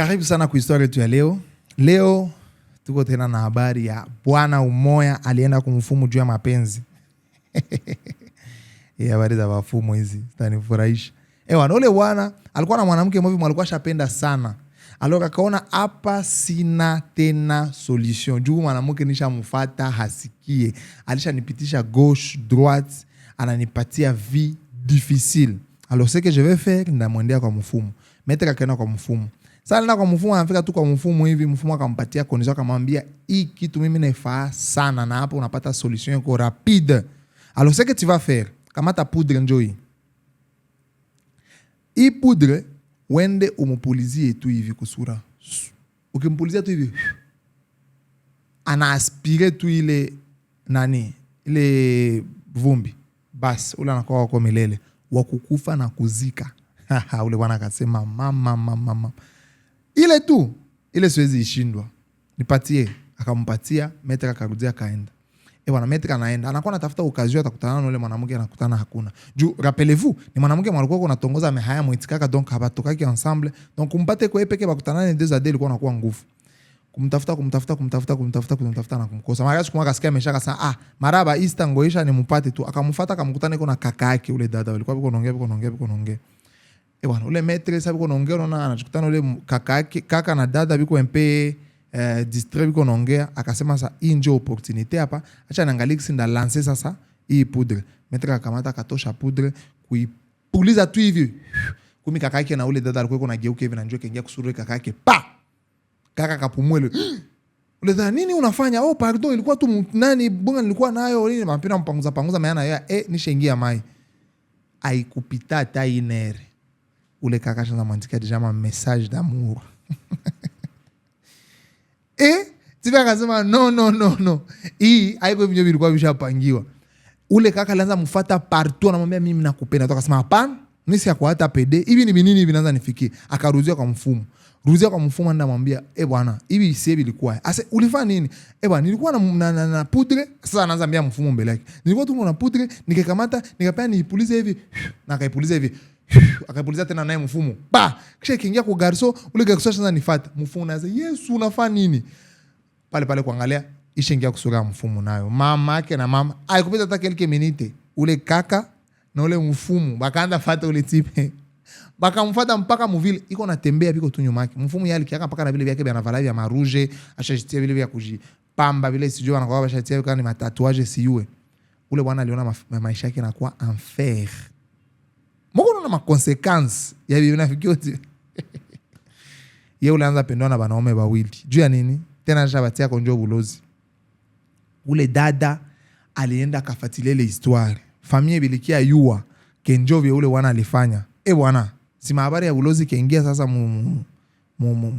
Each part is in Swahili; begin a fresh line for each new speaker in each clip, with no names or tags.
Karibu sana kwa historia yetu ya leo. Leo tuko tena na habari ya Bwana umoya alienda kumfumu juu ya mapenzi. Eh, habari za wafumo hizi tanifurahisha Ewa, eh, ule bwana alikuwa na mwanamke mmoja alikuwa shapenda sana. Aloka kaona hapa sina tena solution. Juu mwanamke nishamfata hasikie. Alishanipitisha gauche droite, ananipatia vi difficile. Alors ce que je vais faire, ndamwendea kwa mfumo. Metre akaenda kwa mfumo. Sasa na kwa mfumo anafika tu kwa mfumo hivi, mfumo akampatia kondizo, akamwambia hii kitu mimi naifaa sana, na hapo unapata solution yako rapide. Alors ce que tu vas faire, kamata poudre njoi. Hii poudre wende umupulizie tu hivi kusura. Ukimpulizia tu hivi ana aspire tu ile nani ile vumbi, basi ule anakuwa wako milele wakukufa na kuzika. Ule bwana akasema mama mama mama ile tu ile, siwezi ishindwa, nipatie. Akampatia Metra, akarudia akaenda. E bwana, Metra anaenda anakuwa anatafuta ukazio, atakutana na ule mwanamke, anakutana hakuna. Juu rapelevu vous ni mwanamke mwalikuwa tongoza mehaya mwitikaka, donc habatokaki ensemble, donc kumpate kwa peke bakutana ni deux adele, kwa nakuwa nguvu kumtafuta kumtafuta kumtafuta kumtafuta kumtafuta na kumkosa. Mara siku moja kasikia ameshaka sana, ah, maraba ista ngoisha nimpate tu. Akamfuata akamkuta niko na kaka yake ule dada, walikuwa biko naongea biko naongea biko naongea Ewana, ule metre sa biko naongea unaona anachukutana ule kaka yake kaka na dada biko mpe eh, distrait biko naongea akasema sa hii ndio opportunité hapa acha naangalia kisi nda lancer sasa hii poudre maître akamata katosha poudre kuipuliza tu hivi kumi kaka yake na ule dada alikuwa na geuka hivi na njoo kaingia kusuru kaka yake pa kaka kapumue ile ule dada nini unafanya oh pardon ilikuwa tu nani bunga nilikuwa nayo nini mapina mpanguza panguza maana ya eh nishaingia mai aikupita hata inere ou les cacaches dans mandiquette, déjà un message d'amour. Et, eh? tu vas dire, non, non, non, non. Et, aïe, un peu de quoi, vous pangiwa. Ou les cacaches dans lanza mufata partout, dans na mimi mna kupenda, toka sema hapana, nisi ya kuhata pede, hivi ni binini vinaanza nifikie, akaruzia kwa mfumo. Ruzia kwa mfumo anda mwambia, e eh, bwana, hivi sie vilikuwa. Ase ulifanya nini? E bwana, nilikuwa na, na, na, na pudre, sasa anaanza ambia mfumo mbele yake. Nilikuwa tu na putre nikakamata, nikapea niipulize hivi, na kaipuliza hivi. Akapuliza tena naye mfumo. Ba, kisha ikiingia kwa Garso, ule Garso sasa nifuata. Mfumo naanza, "Yesu unafaa nini?" Pale pale kuangalia isha ingia kusoga mfumo nayo. Mama yake na mama, aikupita hata kelke minute. Ule kaka na ule mfumo bakaanza fata ule tipe. Bakamfuata mpaka muvile iko natembea biko tu nyuma yake. Mfumo yale kiaka mpaka na vile vyake vya navala vya maruje, ashashitia vile vya kujipamba vile sijua anakuwa ashajitia kama ni matatuaje siue. Ule bwana aliona maisha yake yanakuwa enfer mukunaona makonsekansi ya vinavyovyote ye ule anza pendwa na wanaume wawili juu ya nini tena shabatia konjo bulozi ule dada alienda kafatilele ile histoire famie bilikia yua kenjo vya ule wana alifanya e bwana si mahabari ya bulozi kengia sasa mu,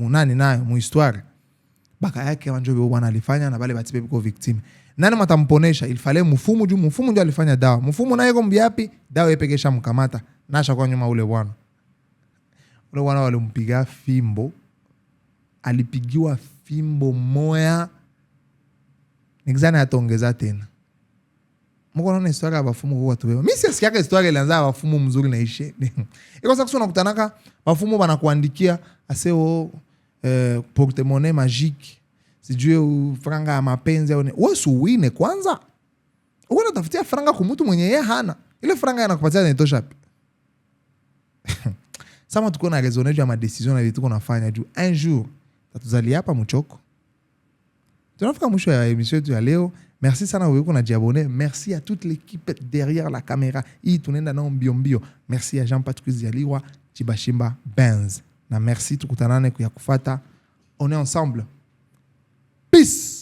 nani nayo mu histoire baka yake wanjo vya wana alifanya na bale batipe biko victime nani matamponesha ilifale mufumu juu mufumu ndio alifanya dawa mufumu naye kombi yapi dawa yepekesha mkamata Nacho kwa nyuma ule bwana. Ule bwana walimpiga fimbo, alipigiwa fimbo moya nikizani ataongeza tena. Mko naona historia ya bafumu kwa watu wao. Mimi siasikiaka historia ilianza bafumu mzuri na ishe. Iko sasa kuna kutanaka bafumu wanakuandikia aseo eh, portemone magique sijui franga ya mapenzi au wewe suwine kwanza. Uko tafutia franga kumutu mwenye ye hana. Ile franga anakupatia inatosha. sama tuko na raisonne juu ya madesizio na vituko nafanya juu un jour tatuzalia hapa muchoko Tunafika mwisho ya emission yetu ya leo. Merci sana wewe na jiabone. Merci à toute l'équipe derrière la caméra. Hii tunaenda nao mbiombio Merci à Jean Patrick Zialiwa, Chibashimba Benz. Na merci tukutanane kuya kufata. On est ensemble. Peace.